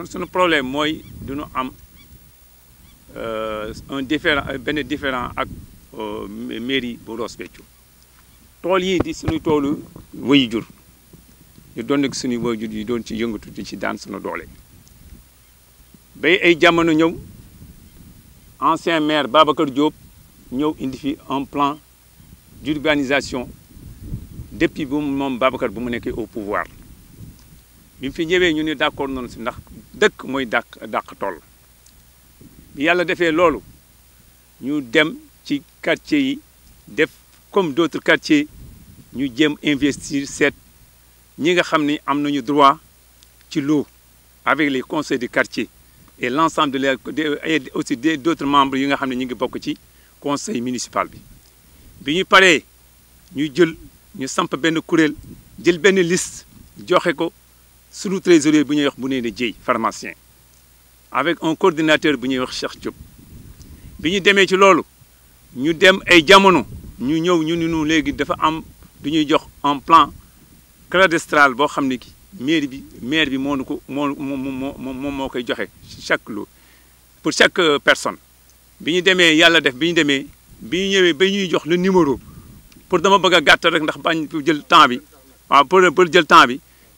ñun suñu problème mooy duñu am euh, un différent euh, benn différent ak euh, mairie bu Ross Béthio tool yii di suñu toolu wëy jur ñu doon nag suñu wëy jur yi doon ci yëngatu di ci daan suñu doole bay ay jamono ñëw ancien maire Babacar Diop ñëw indi fi un plan d'urbanisation depuis bu moom Babacar bu mu nekkee au pouvoir bi mu fi ñëwee ñu ni d'accord noonu si ndax dëkk mooy dàq dàq toll bi yàlla defee loolu ñu dem ci quartier yi def comme d'autres quartiers ñu jéem investir seet ñi nga xam ni am nañu droit ci loo avec les conseils de quartier et l'ensemble de les et aussi d'autres membres yi nga xam ne ñu ngi bokk ci conseil municipal bi bi ñu paree ñu jël ñu samp benn kuréel jël benn liste joxe ko sous trésorier bu ñuy wax bu avec un coordinateur wax ci ñu dem ay ñu dafa un plan cadastral ki bi pour chaque personne def bi le numéro pour dama a rek ndax pour jël temps bi pour pour temps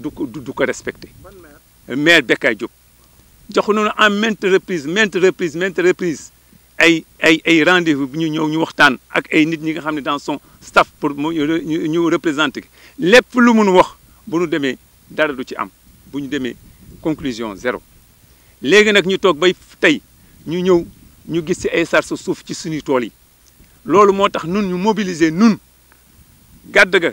du ko du ko respecté maire Bekkaay Diop jox en maintes reprises maintes reprises maintes reprises ay ay ay rendez-vous bu ñu ñëw ñu waxtaan ak ay nit ñi nga xam ne dans son staff pour mu ñu représenter lépp lu mun wax bu ñu demee dara du ci am bu ñu demee conclusion zéro léegi nag ñu toog bay tey ñu ñëw ñu gis ci ay sarsu suuf ci suñuy tool yi loolu moo tax nun ñu mobiliser nun gàdd ga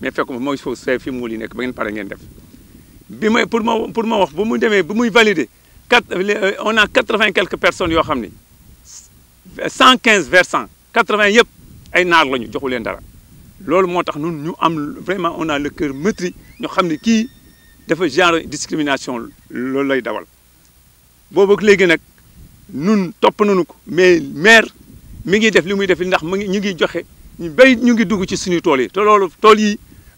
mais fekk comme moi Fos fi mu li nekk ba ngeen pare ngeen def bi may pour ma pour ma wax ba mu demee ba muy valider euh, on a 80 quelques personnes yo xam 115 cent quinze versants quatre vingt ay nar lañu ñu joxu leen dara. lolou motax tax ñun ñu am vraiment on a le cœur meurtri ñu xamni ki dafa genre discrimination lolou lay dawal boobu légui nak ñun topp nañu ko mais maire mi ngi def li muy def ndax ngi ñu ngi joxe ñu bay ñu ngi dugg ci suñu tool yi te lolou tool yi.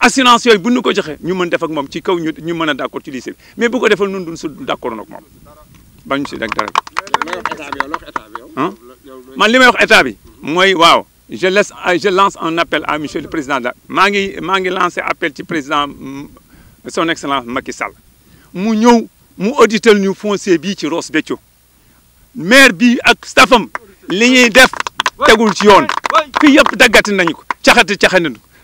assurance yooyu buñu ko joxee ñu mën def ak mom ci kaw ñu ñu mëna d'accord ci lycée mais bu ko defal nun duñ su d'accord accord nag moom bañ ci rek dara hein? man limay wax état bi moy waaw je laisse je lance un appel à monsieur le président da ma ngi ma ngi lancer appel ci président mm, son excellence Macky Sall mu ñew mu auditer ñu foncier bi ci Ross Béthio maire bi ak staffam li ñuy def tegul ci yoon fi yëpp daggati nañu ko caxati caxaninu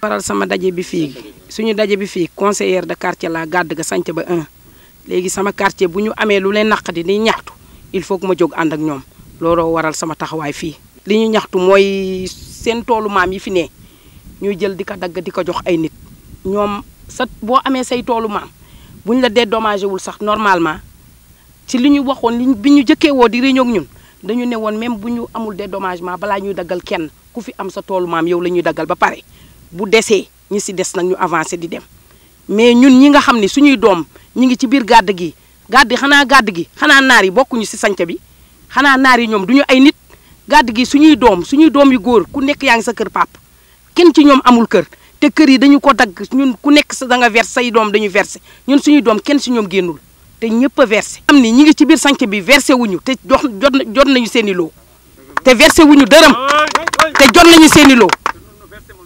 Paral sama dajé bi fi suñu dajé bi fi conseillère de quartier la gàdd ga santé ba 1 légui sama quartier bu amé lu lay naqadi di ñaxtu il faut que ma jog and ak ñom loro waral sama taxaway fi li ñu ñaxtu moy sen tolu mam yi fi né ñuy jël di dag dagg jox ay nit ñom sa bo amé say tolu mam buñ la dédommagé wul sax normalement ci li ñu waxoon li bi di ñun dañu ne même bu amul dédommagement ma ñuy dagal kenn ku fi am sa tolu mam yow lañuy dagal ba paré bu desee ñi si des nag ñu avancé di dem mais ñun ñi nga xam ne suñuy doom ñi ngi ci biir gàdd gi gàdd xanaa gàdd gi xanaa naar yi bokkuñu si sanca bi xanaa naar yi ñoom duñu ay nit gàdd gi suñuy doom suñuy doom yu góor ku nekk yaa ngi sa kër pap kenn ci ñoom amul kër te kër yi dañu ko dagg ñun ku nekk sa da nga verse say doom dañu verse ñun suñuy doom kenn si ñoom génnul te ñëpp a verse am ni ñi ngi ci biir sanca bi verse wuñu te jox jot nañu seeni loo te verse wuñu dërëm jot nañu seen i loo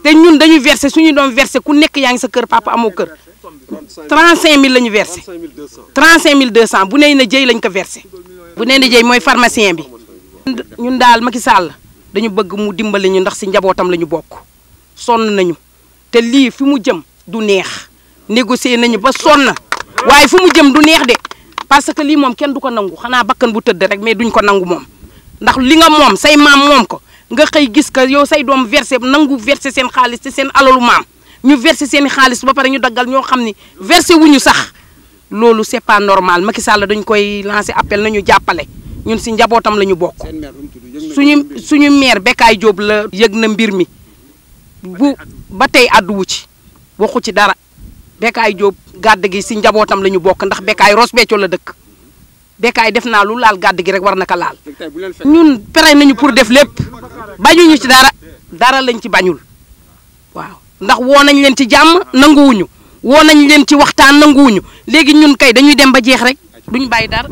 té ñun dañuy verser suñu doon verser ku nekk yaangi sa kër papa amoo kër 35000 lañu verser 35200 bu nee na jëy lañ ko verser bu nee na jëy mooy pharmacien bi ñun daal Macky Sall dañu bëgg mu dimbali ñu ndax ci njabotam lañu bok sonn nañu té li fi mu jëm du neex négocier nañu ba sonn waye fu mu jëm du neex dé parce que li mom kèn du ko nangu xana bakkan bu teud rek mais duñ ko nangu mom ndax li nga mom say mam mom ko nga xey gis ka yow say doom verser nangu verser sen xaliss te sen alalu mam ñu verser sen xaliss ba paré ñu daggal ño xamni verser wuñu sax lolu c'est pas normal Macky Sall dañ koy lancer appel nañu jappalé ñun si njabotam lañu bok suñu suñu maire Bekay Diop la yëg na mbir mi bu ba tey àdduwu ci waxu ci dara Bekay Diop gàdd gi si njabootam la ñu ndax Bekay Ross Béthio la dëkk Bécaye def naa lu laal gàdd gi rek war na ko laal ñun pere nañu pour def lépp bañuñu ci dara dara lañ ci bañul waaw ndax woo nañu leen ci jàmm nanguwuñu woo nañ leen ci waxtaan nanguwuñu léegi ñun kay dañuy dem ba jeex rek duñ bàyyi dara